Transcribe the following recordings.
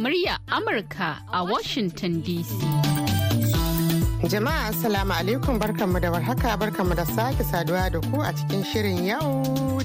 murya Amurka a Washington DC. Jama'a Assalamu alaikum barkanmu da warhaka barkanmu da sake saduwa da ku a cikin shirin yau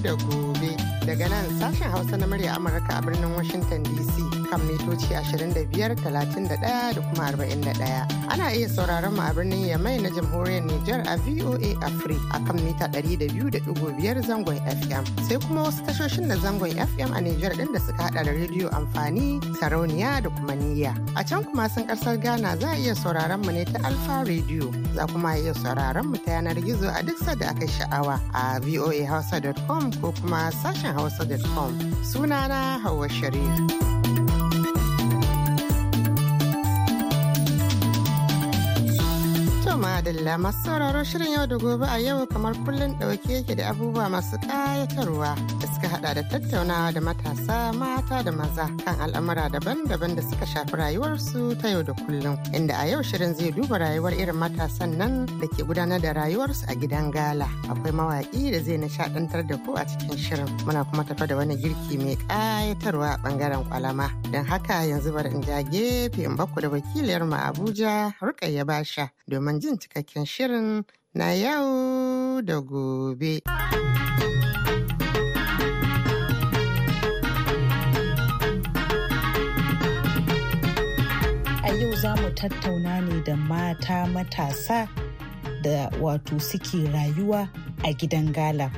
da gobe daga nan sashen Hausa na murya Amurka a birnin Washington DC. kan mitoci 25, 31 da kuma 41. Ana iya sauraron mu a birnin Yamai na jamhuriyar Nijar a VOA Afri a kan mita 200.5 zangon FM. Sai kuma wasu tashoshin da zangon FM a Nijar ɗin da suka haɗa da rediyo amfani, sarauniya da kuma niyya. A can kuma sun ƙasar Ghana za a iya sauraron mu ne ta Alfa Radio. Za kuma iya sauraron mu ta yanar gizo a duk sadda aka sha'awa a voahausa.com ko kuma sashen hausa.com. Sunana Hauwa Sharif. adalla masu sauraro shirin yau da gobe a yau kamar kullum ɗauke yake da abubuwa masu ƙayatarwa. hada da tattaunawa da matasa mata da maza kan al'amura daban-daban da suka shafi rayuwarsu ta yau da kullum inda a yau shirin zai duba rayuwar irin matasan nan da ke gudanar da rayuwarsu a gidan gala akwai mawaƙi da zai nishaɗantar da ku a cikin shirin muna kuma tafa da wani girki mai ƙayatarwa a ɓangaren kwalama don haka yanzu bari in ja gefe in baku da wakiliyar mu Abuja Rukayya Basha domin jin cikakken shirin na yau da gobe. yau za mu tattauna ne da mata matasa da wato suke rayuwa a gidan gala.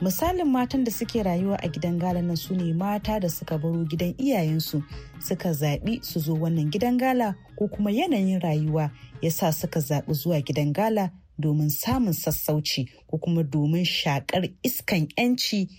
Misalin matan da suke rayuwa a gidan gala nan su ne mata da suka baro gidan iyayensu suka zaɓi su zo wannan gidan gala ko kuma yanayin rayuwa ya sa suka zaɓi zuwa gidan gala domin samun sassauci ko kuma domin shaƙar iskan 'yanci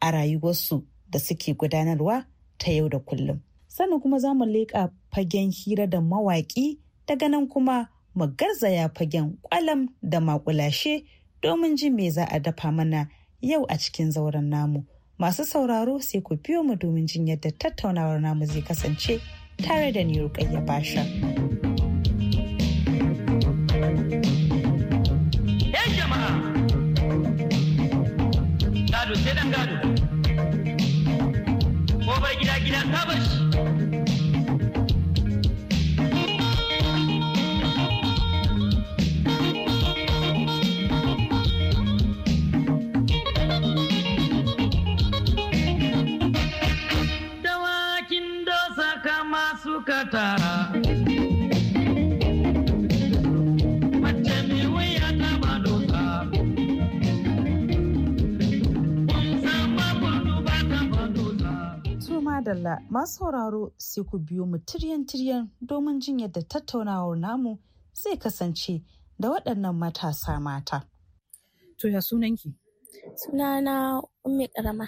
a rayuwarsu da suke gudanarwa ta yau da kullum. Sannan kuma za mu leƙa fagen hira da mawaƙi daga nan kuma mu garzaya fagen kwalam da makulashe domin jin me za a dafa mana yau a cikin zauren namu. Masu sauraro sai ku biyo mu domin jin yadda tattaunawar namu zai kasance tare da ni Rukayya Basha. Gado sai dan gado. Ko bai gida gida ta shi. Masu sauraro sai ku biyo mu tiryan-tiryan domin jin yadda tattaunawar namu zai kasance da waɗannan matasa mata. To ya sunanki? Sunana Ummi Karama.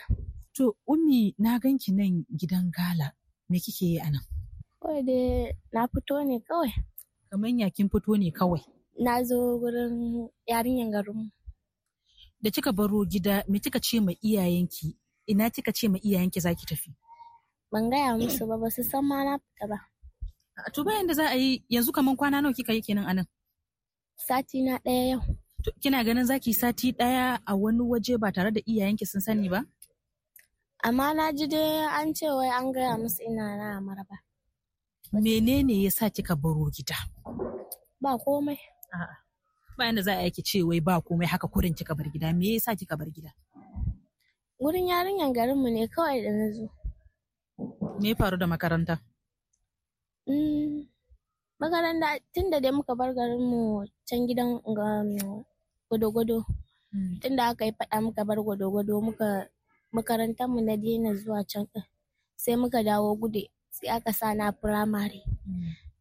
To Ummi na ganki nan gidan gala me kike yi a nan? Kawai dai na fito ne kawai. Kamar ya kin fito ne kawai? Na zo wurin yarinyar garinmu. Da kika baro gida me kika ce ma iyayenki ina kika ce ma iyayenki zaki tafi? ban gaya musu ba ba su san ma na fita ba. To bayan da za a yi yanzu kamar kwana nawa kika yi kenan anan? Sati na ɗaya yau. Kina ganin zaki sati ɗaya a wani waje ba tare da iyayenki sun sani ba? Amma na ji dai an ce wai an gaya musu ina na maraba. Menene ya sa kika baro gida? Ba komai. A'a. Bayan da za a yi ce wai ba komai haka kurin kika bar gida me ya sa kika bar gida? Wurin yarinyar garinmu ne kawai da na zo. Me faru da makaranta? Mm, makaranta tun da dai muka bar garinmu can gidan gwado-gwado mm. tun da aka yi faɗa muka bar gwado-gwado muka makarantarmu na daina zuwa can sai muka dawo gude sai aka sa na firamare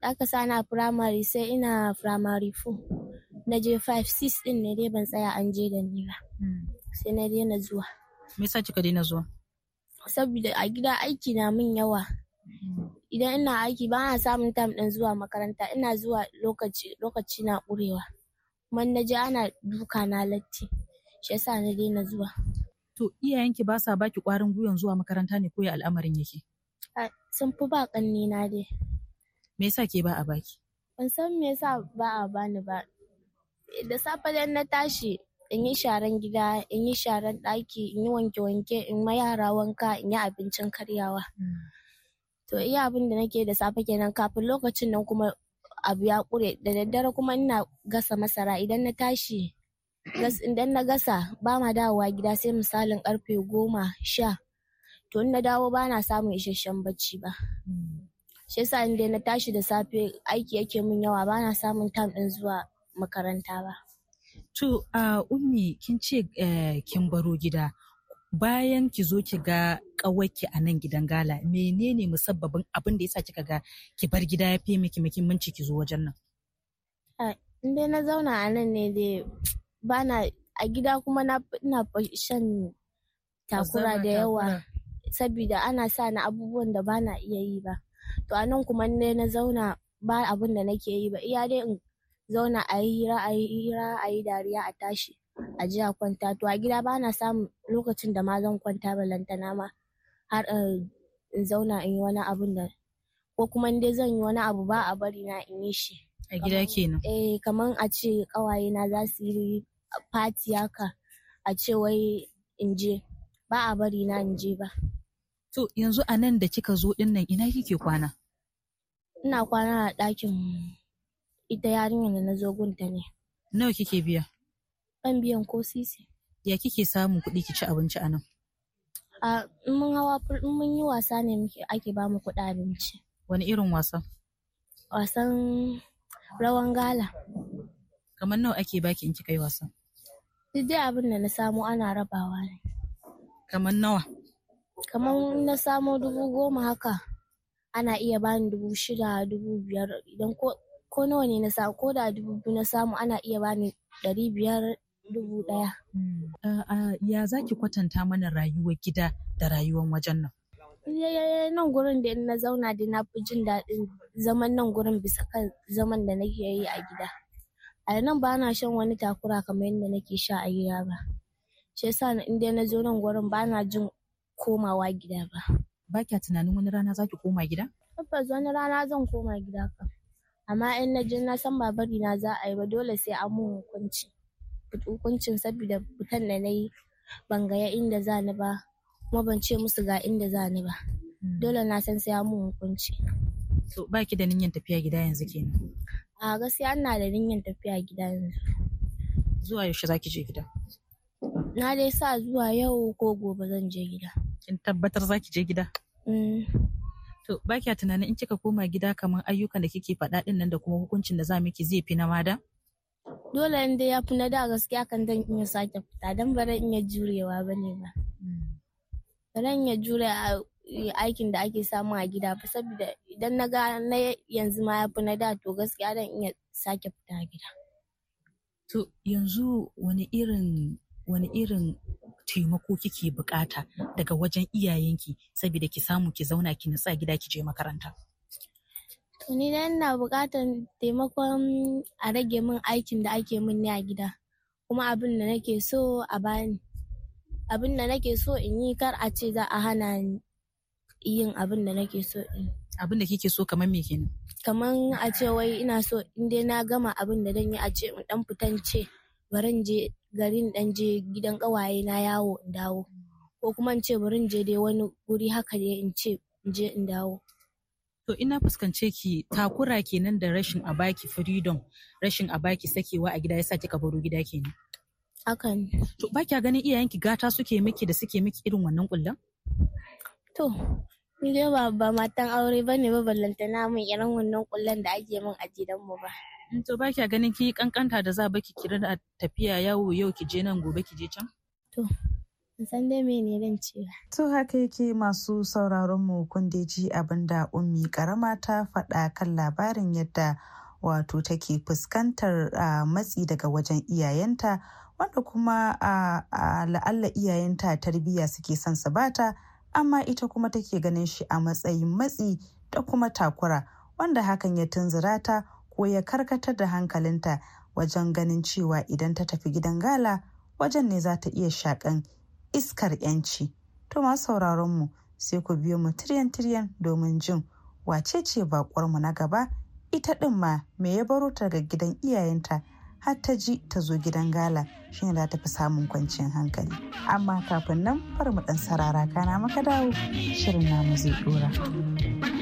da mm. aka sa na firamare sai ina firamare 4 na je 5 6 ɗin ne dai ban tsaya an je da ni ba sai na daina zuwa me yasa kika daina zuwa saboda a gida aiki na min yawa idan ina aiki ba na samun time ɗin zuwa makaranta ina zuwa lokaci lokaci na ƙurewa kuma na je ana duka na latti shi yasa na daina zuwa to iyayenki ba sa baki ƙwarin gwiwan zuwa makaranta ne ko ya al'amarin yake sun fi ba ƙanni na dai me yasa ke ba a baki ban san me yasa ba a bani ba da safe na tashi in yi sharan gida in yi sharan ɗaki in yi wanke-wanke in ma yara wanka in yi abincin karyawa hmm. to iya abin da nake da safe kenan kafin lokacin nan kuma abu ya ƙure da daddare kuma ina gasa masara idan na tashi idan na gasa ba ma dawowa gida sai misalin karfe goma sha to in na dawo ba na samun isasshen bacci ba hmm. shi yasa inda na tashi da safe aiki yake min yawa ba na samun tam din zuwa makaranta ba To a ummi kin ce e, kin baro gida bayan ki zo ki ga kawaki a nan gidan gala menene musabbabin abin da yasa kika ga ki bar gida ya fi miki muhimmanci ki zo wajen nan. In dai na zauna a nan ne dai ba na a gida kuma na ina shan takura da yawa sabida ana sa na abubuwan da ba na iya yi ba. To a nan kuma ne na zauna ba abin da nake yi ba iya dai zauna a yi hira, a yi hira, a yi dariya, a tashi, a ji a kwanta. To a gida ba na samun lokacin da ma zan kwanta balantana ma har eh, in zauna in yi wani abun da ko kuma in dai zan yi wani abu ba a bari na in yi shi. A gida kenan. Eh kaman a ce kawaye na za su yi party haka a ce wai in je ba a bari na in je ba. To yanzu a nan da kika zo din nan ina kike kwana? Ina kwana a ɗakin ita yarinyar da na zo gunta ne. Nawa kike biya? Ban biyan ko sisi. Ya kike samun kuɗi ki ci abinci a nan? A mun hawa mun yi wasa ne ake ba mu kuɗi abinci. Wani irin wasa? Wasan rawan gala. Kamar nawa ake baki in kika yi wasa? Duk dai abin da na samu ana rabawa ne. Kamar nawa? Kamar na samo dubu goma haka. Ana iya bani dubu shida, dubu biyar idan ko ko nawa ne na samu ko da dubu biyu na samu ana iya bani ɗari biyar dubu ɗaya. Hmm. Eh, ah, ya za ki kwatanta mana rayuwar gida da rayuwar wajen nan? nan gurin da na zauna da na fi jin daɗin zaman nan gurin bisa kan zaman da nake yi a gida. A nan ba na shan wani takura kamar yadda nake sha a gida ba. Shi yasa in dai na zo nan gurin ba na jin komawa gida ba. Ba kya tunanin wani rana za ki koma gida? Tabbas wani rana zan koma gida kam. amma in na je na san ba bari na za a yi ba dole sai an mun hukunci hukuncin saboda fitan da na yi ban gaya inda za ni ba kuma ban ce musu ga inda za ni ba hmm. dole na san sai an mun hukunci so ki da niyyar tafiya gida yanzu kenan a gaskiya ina da niyyar tafiya gida yanzu zuwa yaushe zaki je gida na dai sa zuwa yau ko gobe zan je gida kin tabbatar zaki je gida mm. to ba kya tunanin in kika koma gida kamar ayyukan da kike faɗa ɗin nan da kuma hukuncin da za miki zai fi na mada? Dole in dai ya fi na da gaskiya kan dan ya sake fita dan ba in iya jurewa ba ne ba. Ba iya jure aikin da ake samu a gida ba saboda idan na ga na yanzu ma ya fi na da to gaskiya dan iya sake fita gida. To yanzu wani irin wani irin taimako kike bukata daga wajen iyayenki saboda ki samu ki zauna ki nutsa gida ki je makaranta? To ni da ina buƙatar taimakon a rage min aikin da ake min ne a gida kuma abin da nake so a bani. Abin da nake so in yi kar a ce za a hana yin abin da nake so in. Abin da kike so kamar me kenan? Kamar a ce wai ina so in dai na gama abin da dan yi a ce in dan fitance barin je Garin dan ɗan je gidan kawaye na yawo in dawo ko kuma in ce bari in je dai wani guri haka dai in ce in je in dawo To ina fuskance ki takura kenan da rashin a baki freedom, rashin a baki sakewa a gida yasa kika baro gida kenan. Hakan. To ba kya ganin iyayenki gata suke miki da suke miki irin wannan kullan? To, ni dai ba ba matan aure bane ba ballanta na mun irin wannan kullan da ake min a gidanmu ba. in eh, to ba kya ganin kiyi kankanta da za ba ki da tafiya yawo yau ki je nan gobe ki je can to san dai ne zan ce ba to haka yake masu sauraron mu kun dai ji abin da ummi karama ta faɗa kan labarin yadda wato take fuskantar matsi daga wajen iyayenta wanda kuma a la'alla iyayenta tarbiyya suke son su bata amma ita kuma take ganin shi a matsayin matsi da kuma takura wanda hakan ya tunzura ta ko ya karkatar da hankalinta wajen ganin cewa idan ta tafi gidan gala wajen ne za ta iya shakan iskar yanci to masu sauraronmu sai ku biyo mu tiryan tiryan domin jin wace ce mu na gaba ita din ma me ya baro ta daga gidan iyayenta har ta ji ta zo gidan gala shine za ta fi samun kwanciyar hankali amma kafin nan bar mu ɗan sarara kana maka dawo shirin namu zai ɗora.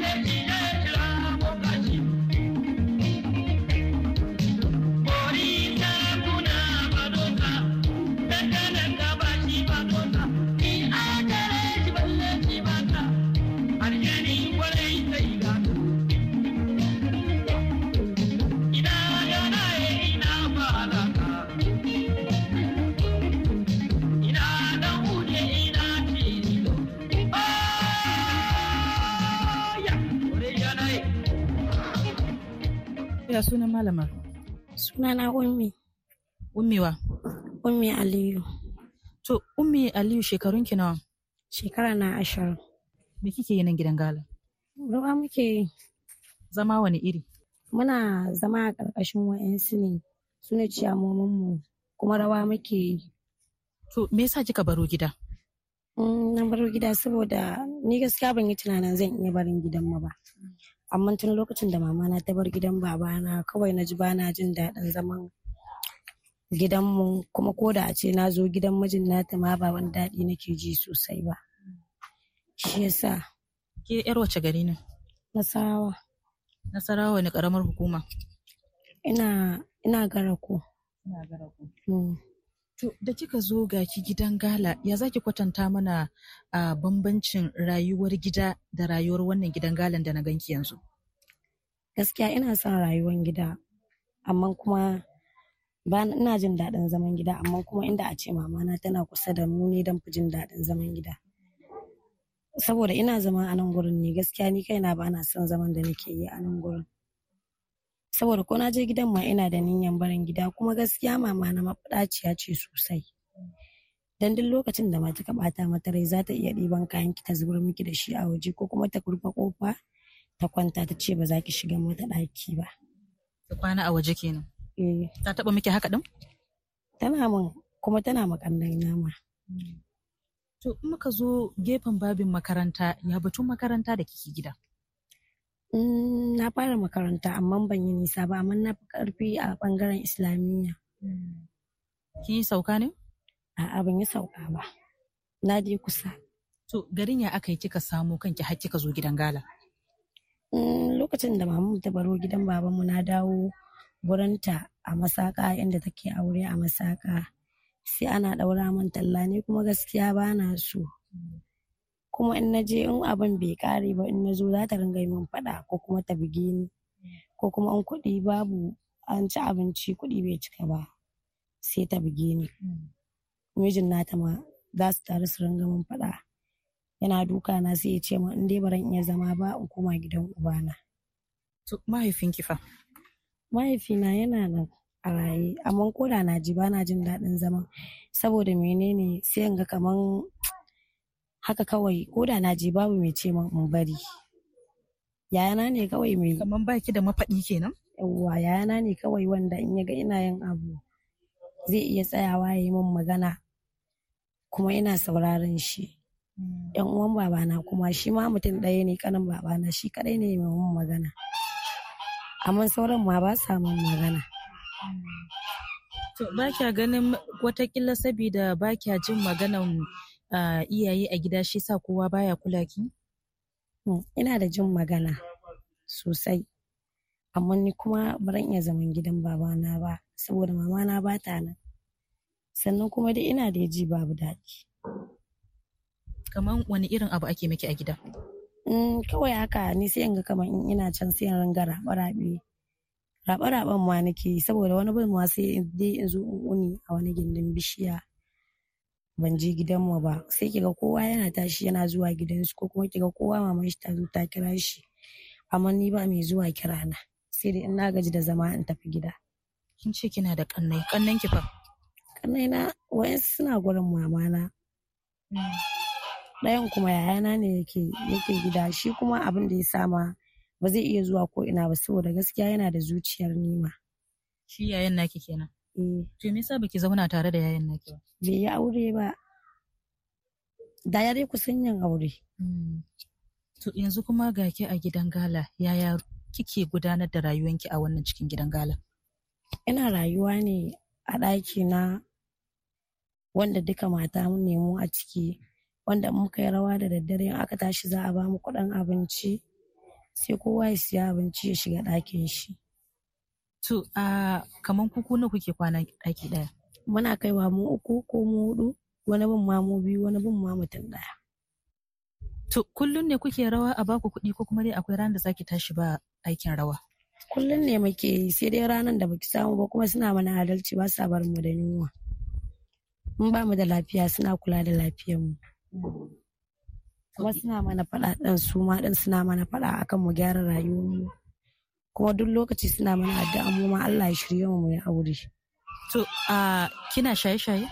malama? Sunana Ummi. Ummi wa? Ummi Aliyu. To, Ummi Aliyu shekarun ki nawa? Shekara na ashirin. Me kike yi nan gidan gala? Ruwa muke Zama wani iri? Muna zama a ƙarƙashin wa'yansu ne suna mu kuma rawa muke yi. To, me yasa kika baro gida? Mm, na baro gida saboda ni gaskiya ban yi tunanin zan iya barin gidan ma ba amma tun lokacin da mama na ta bar gidan babana kawai na ji bana jin daɗin zaman gidanmu kuma ko da a ce na zo gidan mijin nata ma ba wani daɗi nake ji sosai ba shi yasa ke yar wace gari ne nasarawa nasarawa ne karamar hukuma ina ina garako ina garako mm. To da kika zo ga ki gidan gala ya zaki kwatanta mana a bambancin rayuwar gida da rayuwar wannan gidan galan da na ganki yanzu. Gaskiya ina son rayuwar gida amma kuma ba ina jin daɗin zaman gida amma kuma inda a ce mamana tana kusa da mu ne don fi jin daɗin zaman gida. Saboda ina zama a nan gurin ne gaskiya ni kaina ba na son zaman da nake yi a nan gurin. saboda ko na je gidan ma ina da niyan barin gida kuma gaskiya mama na mafadaciya ce sosai dan duk lokacin da mata ka bata mata rai za ta iya diban kayan ki ta zubar miki da shi a waje ko kuma ta kurfa kofa ta kwanta ta ce ba za ki shiga mata ɗaki ba ta kwana a waje kenan eh ta taba miki haka din tana mun kuma tana makallai nama to in muka zo gefen babin makaranta ya batun makaranta da kike gida Mm, na fara makaranta amma ban yi nisa ba amma na fi karfi a bangaren islamiyya mm. kin yi sauka ne a'a ban yi sauka ba na je kusa to garin ya aka yi kika samu kanki har kika zo gidan gala mm, lokacin da mamu ta baro gidan babanmu na dawo gurinta a masaka inda take aure a masaka sai ana daura man talla ne kuma gaskiya bana so kuma in na je in abin bai kare ba in na zo za ta ringa yi min faɗa ko kuma ta buge ni ko kuma in kuɗi babu an ci abinci kuɗi bai cika ba sai ta buge ni mijin nata ma za su taru su ringa min faɗa yana duka na sai ya ce min in dai baran iya zama ba in koma gidan ubana to mahaifin kifa mahaifina yana nan a raye amma ko da na ji ba na jin daɗin zaman saboda menene sai in ga kaman haka kawai ko da na je babu mai ce min bari yayana ne kawai mai kaman baki da mafaɗi kenan yawa yayana ne kawai wanda in ya ga ina yin abu zai iya tsayawa ya yi min magana kuma ina sauraron shi hmm. yan uwan babana kuma shi ma mutum ɗaya ne kanin babana shi kadai ne mai min magana amma sauran ma ba sa min magana hmm. to ba kya ganin watakila sabida ba kya jin maganan iyaye a gida shi sa kowa baya kula ki? Ina da jin magana sosai. Amma ni kuma baran iya zaman gidan babana ba saboda mamana ba ta nan. Sannan kuma dai ina da ji babu daɗi. Kaman wani irin abu ake miki a gida? Mm, kawai haka ni sai in ga kamar in ina can sai in ranga raɓe-raɓe. Raɓe-raɓen ma nake saboda wani bin ma sai dai in zo in uni a wani gindin bishiya ban je gidanmu ba sai kiga kowa yana tashi yana zuwa gidansu ko kuma kiga kowa maman shi ta zo ta kira shi amma ni ba mai zuwa kira na sai dai ina gaji da zama in tafi gida kin ce kina da kannai kannan ki fa kannai na wayan suna gurin mama na ɗayan kuma yayana ne yake yake gida shi kuma abin da ya sama ba zai iya zuwa ko ina ba saboda gaskiya yana da zuciyar nima shi yayan naki kenan Eh. To me yasa baki zauna tare da yayin naki? ba? Bai yi aure ba. Da ya dai kusan yin aure. Hmm. To yanzu kuma ga ki a gidan gala yaya kike gudanar da rayuwanki a wannan cikin gidan gala? Ina rayuwa ne a ɗaki na wanda duka mata mun nemo a ciki wanda muka yi rawa da daddare in aka tashi za a ba mu kuɗin abinci sai kowa ya siya abinci ya shiga ɗakin shi. To, a kamar kuku na kuke kwana ɗaki ɗaya? Muna kaiwa mu uku ko mu hudu, wani bin ma mu biyu, wani bin ma mutum ɗaya. To, kullum ne kuke rawa a baku kuɗi ko kuma dai akwai ranar da zaki tashi ba aikin rawa? Kullum ne muke yi, sai dai ranar da baki samu ba kuma suna mana adalci ba sa bar mu da yunwa. Mun ba mu da lafiya suna kula da lafiyar mu. Kuma suna mana faɗa ɗan su ɗan suna mana faɗa akan mu gyara rayuwar mu. kuma duk lokaci suna mana addu'a mu ma Allah ya shirye mu ya aure to a kina shaye-shaye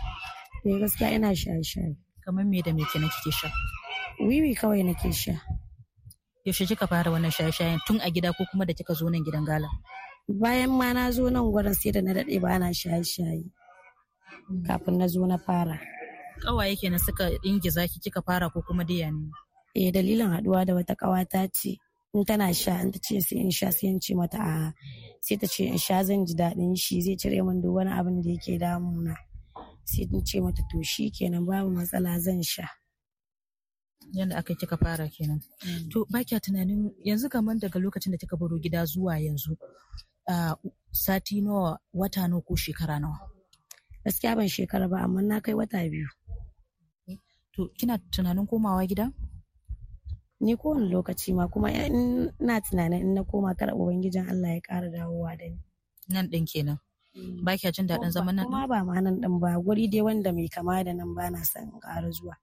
eh gaskiya ina shaye-shaye kamar me da me kina kike sha wiwi kawai nake sha yaushe kika fara wannan shaye-shayen tun a gida ko kuma da kika zo nan gidan gala bayan ma na zo nan gurin sai da na dade ba na shaye-shaye kafin na zo na fara yake kenan suka ingiza ki kika fara ko kuma diya ne eh dalilin haɗuwa da wata ƙawata ce in tana sha in ta ce sai in sha sai in ce mata a sai ta ce in sha zan ji daɗin shi zai cire min duk wani abin da yake damuna sai in ce mata to shi kenan babu matsala zan sha yadda aka kika fara kenan mm. to ba tunanin yanzu kamar daga lokacin da kika baro gida zuwa yanzu sati nawa wata nawa ko shekara nawa gaskiya ban shekara ba amma na kai wata biyu to kina tunanin komawa gida ni kowane lokaci ma kuma ina tunanin in na koma kar ubangijin Allah ya kara dawowa da ni nan din kenan mm. ba kya jin daɗin zaman nan kuma ba ma nan din ba guri dai wanda mai kama da nan ba na son ƙara zuwa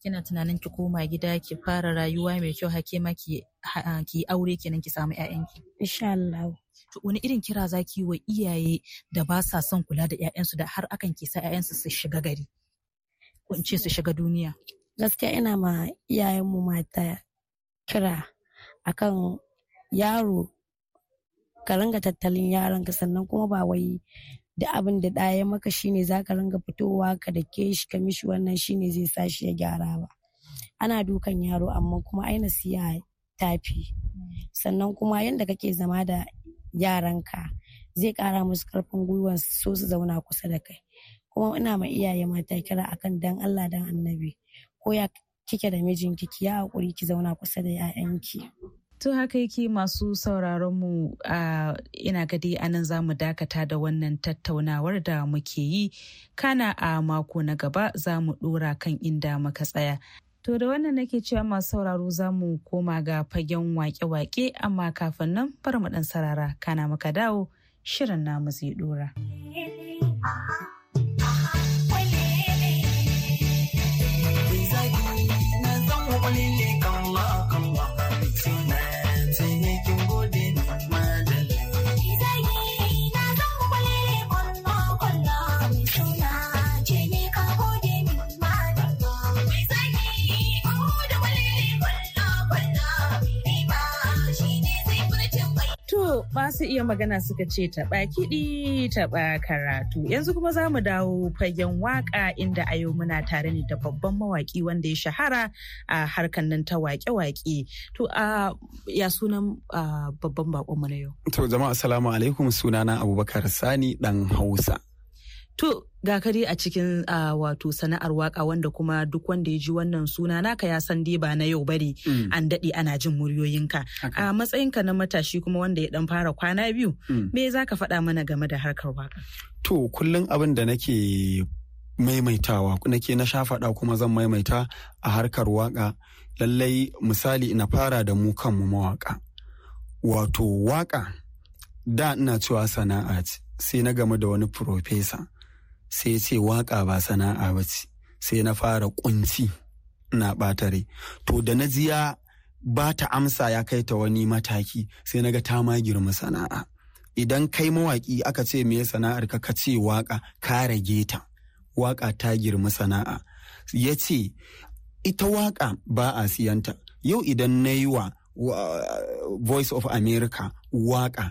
kina tunanin ki koma gida ki fara rayuwa mai kyau hake ma ki aure kenan ki samu ƴaƴanki insha Allah to wani irin kira zaki wa iyaye da ba sa son kula da ƴaƴansu da har akan ke sa ƴaƴansu su shiga gari ko in ce su shiga duniya gaskiya ina ma iyayenmu mata kira akan yaro ka ringa tattalin yaron ka sannan kuma ba wai da abin da ɗaya maka shine za ka ringa fitowa ka da ke shi ka mishi wannan shine zai sa shi ya gyara ba ana dukan yaro amma kuma aina siya tafi sannan kuma yadda kake zama da yaranka zai kara musu karfin gwiwa so su zauna kusa da kai kuma ina ma iyaye mata kira akan dan Allah dan annabi ko ya kike da mijinki ki ya hakuri ki zauna kusa da 'ya'yanki. To haka yake masu sauraron mu a ina gadi anan za mu dakata da wannan tattaunawar da muke yi kana a mako na gaba za mu dora kan inda muka tsaya. To da wannan nake cewa masu sauraro za mu koma ga fagen wake-wake amma kafin nan bar mu dan sarara kana muka dawo shirin namu zai dora. Ba su iya magana suka ce taɓa kiɗi taɓa karatu yanzu kuma za mu dawo fagen waƙa inda a yau muna tare ne da babban mawaƙi wanda ya shahara a harkan nan ta waƙe-waƙe to a ya sunan babban mu na yau to jama'a assalamu alaikum sunana abubakar sani dan hausa To ga kare a cikin uh, wato sana'ar waka wanda kuma duk wanda ya ji wannan suna naka ya san dai ba na yau bari mm. an daɗe ana jin muryoyinka. A okay. matsayinka na matashi kuma wanda ya ɗan fara kwana biyu, mm. me za ka faɗa mana game da harkar waka? To kullum abin da nake maimaitawa nake na shafaɗa kuma zan maimaita a harkar waka lallai misali na fara da mu kanmu mawaka. Wato waka da ina cewa sana'a ce sai na game da wani profesa. sai ce waka ba sana'a ba ce sai na fara kunci na ɓata to da na jiya ba ta amsa ya kai ta wani mataki sai naga ta ma girma sana'a idan kai mawaki aka ce me sana'ar ka ka ce waka ka rage ta waka ta girma sana'a ya ce ita waka ba a siyanta yau idan na yi wa voice of america waka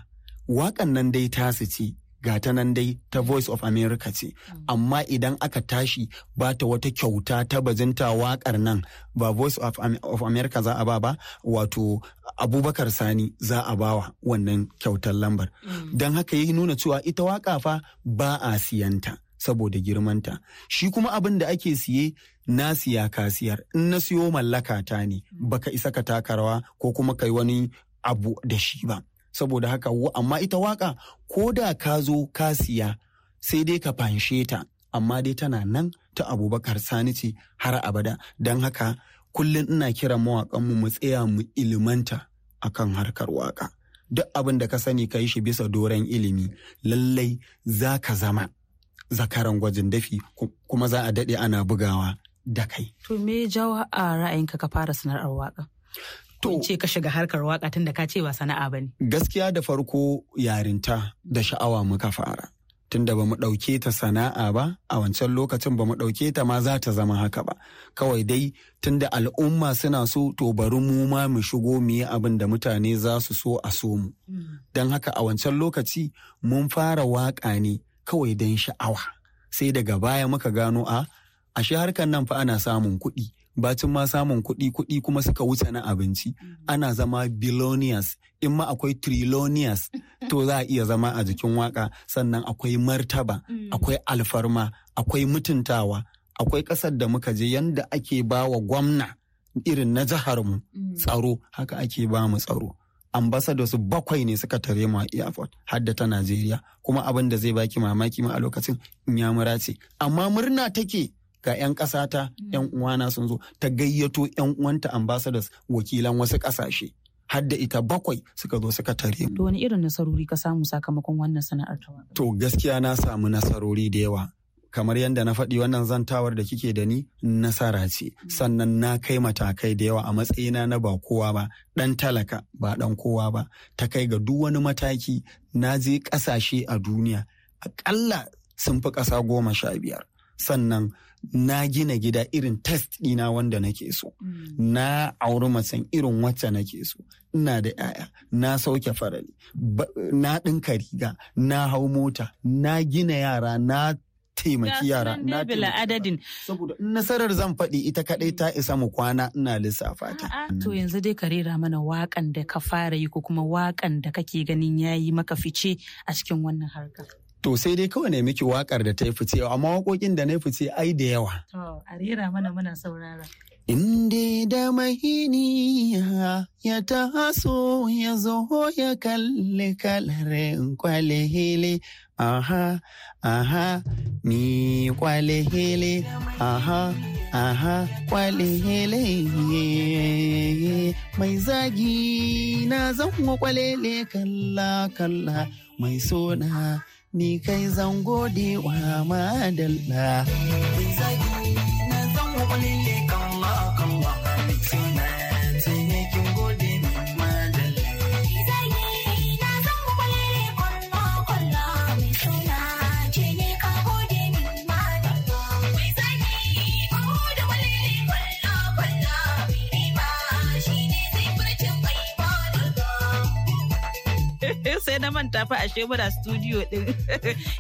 waƙan nan dai tasu ce gata nan dai ta voice of america ce mm. amma idan aka tashi ba ta wata kyauta ta bazinta wakar nan ba voice of, america za a ba ba wato abubakar sani za a bawa wannan kyautar lambar mm. don haka ya nuna cewa ita waka fa ba a siyanta saboda girmanta shi kuma abin da ake siye na siya kasiyar in na siyo mallaka ta ne mm. baka isa ka taka rawa ko kuma kai wani abu da shi ba saboda haka amma ita waka ko da ka zo ka siya sai dai ka fanshe ta amma dai tana nan ta abubakar sani ce har abada don haka kullum ina kiran mawaƙanmu mu tsaya mu ilimanta akan harkar waka duk abin da ka sani ka yi shi bisa doron ilimi lallai za ka zama zakaran gwajin dafi kuma za a daɗe ana bugawa da kai. To me jawo a ra'ayinka ka fara sana'ar waka? to ce ka shiga harkar waka tun da ka ce ba sana'a ba ne gaskiya da farko yarinta da sha'awa muka fara tunda ba mu ɗauke ta sana'a ba a wancan lokacin ba mu ɗauke ta ma za ta zama haka ba kawai dai tunda al'umma suna so to bari mu ma mu shigo mu yi abin da mutane za su so a so mu mm. don haka a wancan lokaci mun fara waƙa ne kawai don sha'awa sai daga baya muka gano a ashe harkar nan fa ana samun kuɗi bacin ma samun kuɗi kuɗi kuma suka wuce na abinci mm. ana zama billionaires in ma akwai trillionaires to za a iya zama a jikin waka sannan akwai martaba mm. akwai alfarma akwai mutuntawa akwai ƙasar da muka je yanda ake ba wa gwamna irin na jihar mu mm. tsaro haka ake ba mu tsaro ambassadors bakwai ne suka tare mu a airport har da ta Najeriya kuma abin da zai baki mamaki ma a lokacin in ya ce amma murna take ga 'yan ƙasata 'yan mm. uwana sun zo ta gayyato 'yan uwanta ambassadors wakilan wasu ƙasashe har da ita bakwai suka zo suka tare mu. wani irin nasarori ka samu sakamakon wannan sana'ar ta To gaskiya na samu nasarori da yawa. Kamar yadda na faɗi wannan zantawar da kike da ni nasara ce, mm. sannan na kai matakai da yawa a matsayina na ba kowa ba, ɗan talaka ba ɗan kowa ba, ta kai ga duk wani mataki na je ƙasashe a duniya, aƙalla sun fi ƙasa goma sha biyar. Sannan na gina gida irin test ɗina wanda nake so mm. na auri macen irin wacce nake so ina da 'ya'ya na sauke farali na ɗinka riga na hau mota na gina yara na taimaki yara na adadin saboda nasarar zan faɗi ita kaɗai ta isa mu kwana ina lissafa ta to yanzu dai ka rera mana waƙan da ka fara yi ko kuma wakan da kake ganin yayi maka fice a cikin wannan harkar To sai dai kawai ne miki wakar da ta yi fice amma waƙoƙin da na yi fice ai da yawa. rera mana muna saurara. Inde da mahini ya taso ya zo ya kalli kwale kwalehele aha aha mi kwalehele aha aha kwale-kale, kwalehele mai zagi na zan kwalele kalla kalla mai sona ni kai zan gode wa madalla. Zagi na zan wa na manta fa ashe muna studio din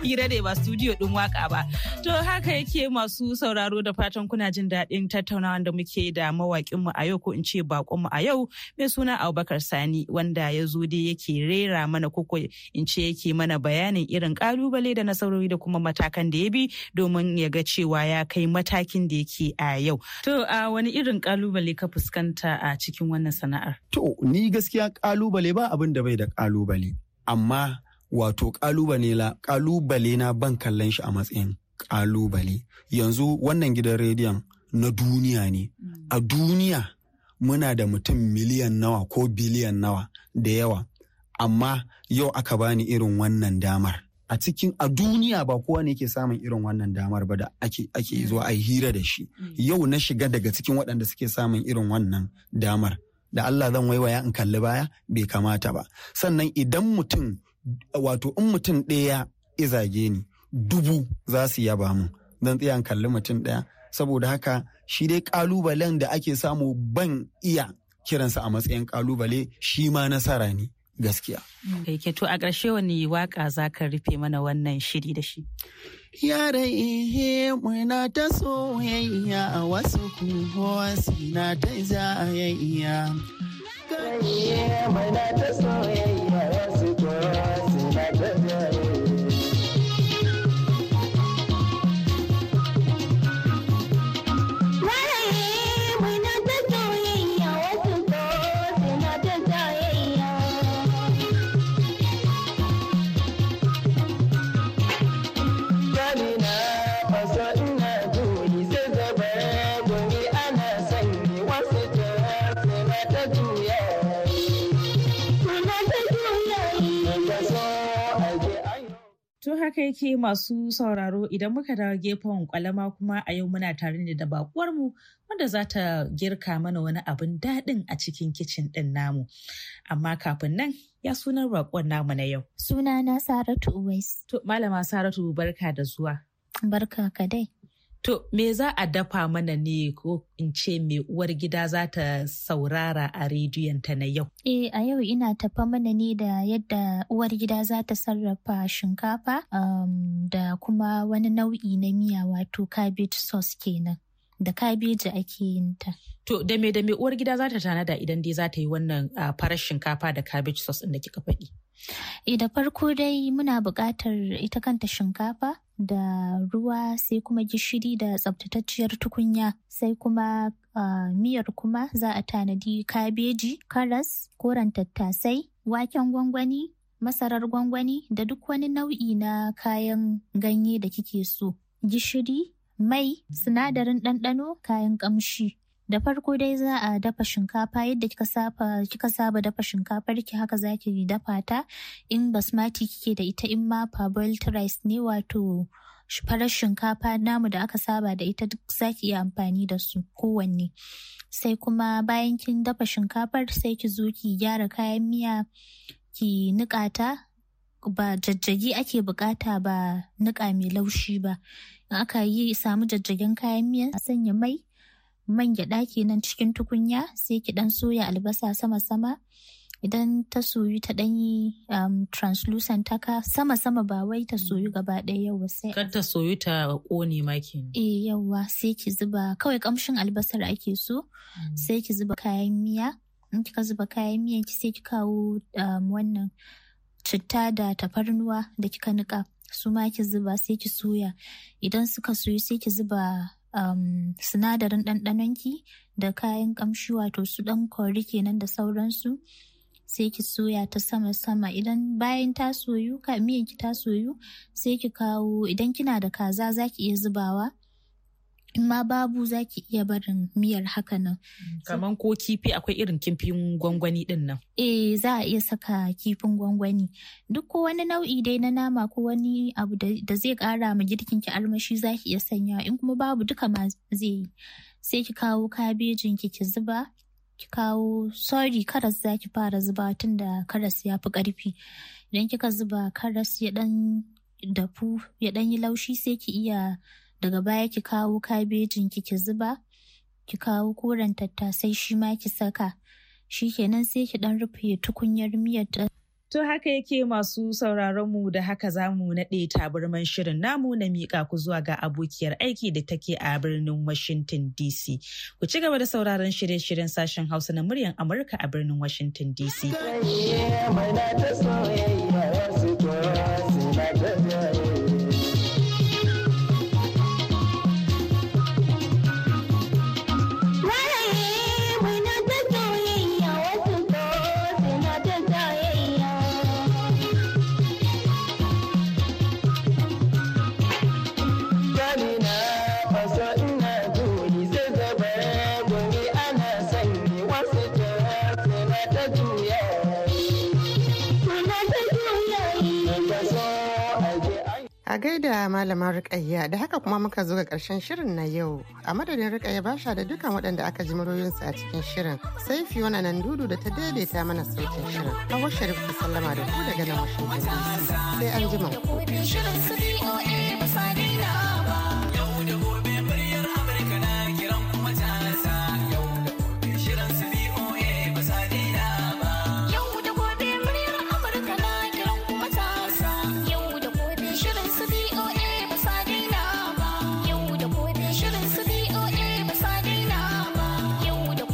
hira ne ba studio din waka ba to haka yake masu sauraro da fatan kuna jin daɗin tattaunawa da muke da mawakin mu a yau ko in ce bakon mu a yau mai suna Abubakar Sani wanda ya zo dai yake rera mana koko in ce yake mana bayanin irin kalubale da nasarori da kuma matakan da ya bi domin ya ga cewa ya kai matakin da yake a yau to a wani irin kalubale ka fuskanta a cikin wannan sana'ar to ni gaskiya kalubale ba abin da bai da kalubale amma wato kalubale na ban kallon shi a matsayin kalubale yanzu wannan gidan rediyon na duniya ne a mm. duniya muna da mutum miliyan nawa ko biliyan nawa da yawa amma yau aka bani irin wannan damar a cikin a duniya ba kowa ne ke samun irin wannan damar ba da ake ake mm. zuwa a hira da shi mm. yau na shiga daga cikin waɗanda suke samun irin wannan damar da Allah zan waiwaya in kalli baya bai kamata ba sannan idan mutum wato in mutum ɗaya izage ni dubu za su yaba mu zan tsaya in kalli mutum ɗaya saboda haka shi dai ƙalubalen da ake samu ban iya kiransa a matsayin ƙalubale shi ma nasara ne gaskiya. to a ƙarshe wani waƙa za ka rufe mana wannan shiri da shi? yara ihe eh, eh, muna ta soyayya wasu kuma na ta za ihe eh, muna ta soyayya wasu kuma na ta iya. haka yake masu sauraro idan muka dawo gefen kwalama kuma a yau muna tare da bakuwar mu wanda za ta girka mana wani abin daɗin a cikin kicin ɗin namu. Amma kafin nan ya sunan bakuwar namu na yau. Suna na Saratu Uwais. Malama Saratu barka da zuwa. Barka ka dai. To, me za a dafa mana ne ko in ce me uwar gida za ta saurara a rediyonta na yau? Eh, a yau ina tafa mana ne da yadda uwar gida za ta sarrafa shinkafa um, da kuma wani nau'i na miya wato cabbage sauce kenan. Da kabeji ake yin ta. To, da me da me uwar gida za ta tanada idan dai za ta yi wannan uh, farar shinkafa da cabbage sauce in da kika faɗi? Ida eh, da farko dai muna buƙatar ita kanta shinkafa da ruwa sai kuma gishiri da tsabtatacciyar tukunya sai kuma uh, miyar kuma za a tanadi kabeji, karas, koren tattasai, waken gwangwani, masarar gwangwani da duk wani nau'i na kayan ganye da kike so. Gishiri, mai, sinadarin ɗanɗano, kayan ƙamshi. da farko dai za a dafa shinkafa yadda kika saba dafa shinkafar ki haka zaki dafa ta in basmati kike da ita in ma parboiled rice ne wato farar shinkafa namu da aka saba da ita duk zaki iya amfani da su kowanne sai kuma bayan kin dafa shinkafar sai ki zo ki gyara kayan miya ki nika ta ba jajjagi ake bukata ba niƙa mai laushi ba in aka yi samu jajjagen kayan miya a sanya mai man gyaɗa nan cikin tukunya sai ki ɗan soya albasa sama-sama idan ta soyu ta ɗan yi um, translucent taka sama-sama ba wai ta soyu mm. gaba ɗaya yawa sai kan ta soyu ta ƙone maki e eh, yawa sai ki zuba kawai kamshin albasar ake so mm. sai ki zuba kayan miya in kika zuba kayan miya ki sai ki kawo um, wannan citta da tafarnuwa da kika nika su ma ki zuba sai ki soya idan suka soyu sai ki zuba um, sinadarin ɗanɗanonki da kayan ƙamshi wato su ɗan kori kenan da sauransu sai ki soya ta sama-sama idan bayan ta soyu ka miyan ta soyu sai ki kawo idan kina da kaza za ki iya zubawa in ma babu zaki iya barin miyar haka nan. Mm, kaman ko kifi akwai irin kifin gwangwani din nan. Eh za a iya saka kifin gwangwani. Duk ko wani nau'i dai na nama ko wani abu da zai kara ma girkin ki armashi za iya sanya in kuma babu duka ma zai yi. Sai ki kawo kabejin ki ki zuba ki kawo sorry karas za ki fara zuba tun da karas ya fi karfi. Idan kika zuba karas ya dan dafu ya dan yi laushi sai ki iya daga baya ki kawo kabejin ki ki zuba ki kawo koren tattasai shi ma ki saka shi kenan sai ki dan rufe tukunyar miyar To haka yake masu sauraron mu da haka za mu naɗe taburman shirin namu na miƙa ku zuwa ga abokiyar aiki da take a birnin Washington DC. Ku ci gaba da sauraron shirye-shiryen sashen Hausa na muryar Amurka a birnin Washington DC. A gaida malaman rikayya da haka kuma muka zo ga karshen shirin na yau. A madadin rikayya ba da dukan waɗanda aka ji muryoyinsu a cikin shirin. Sai Fiona nan dudu da ta daidaita mana sautin shirin. Hawa Sharif ta sallama da ku daga nan Washington DC. Sai an jima.